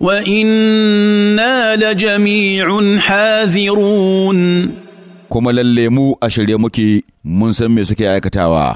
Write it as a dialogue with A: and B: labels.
A: وإنا لجميع حاذرون كما للمو أشري مكي من سمي سكي آيكتاوا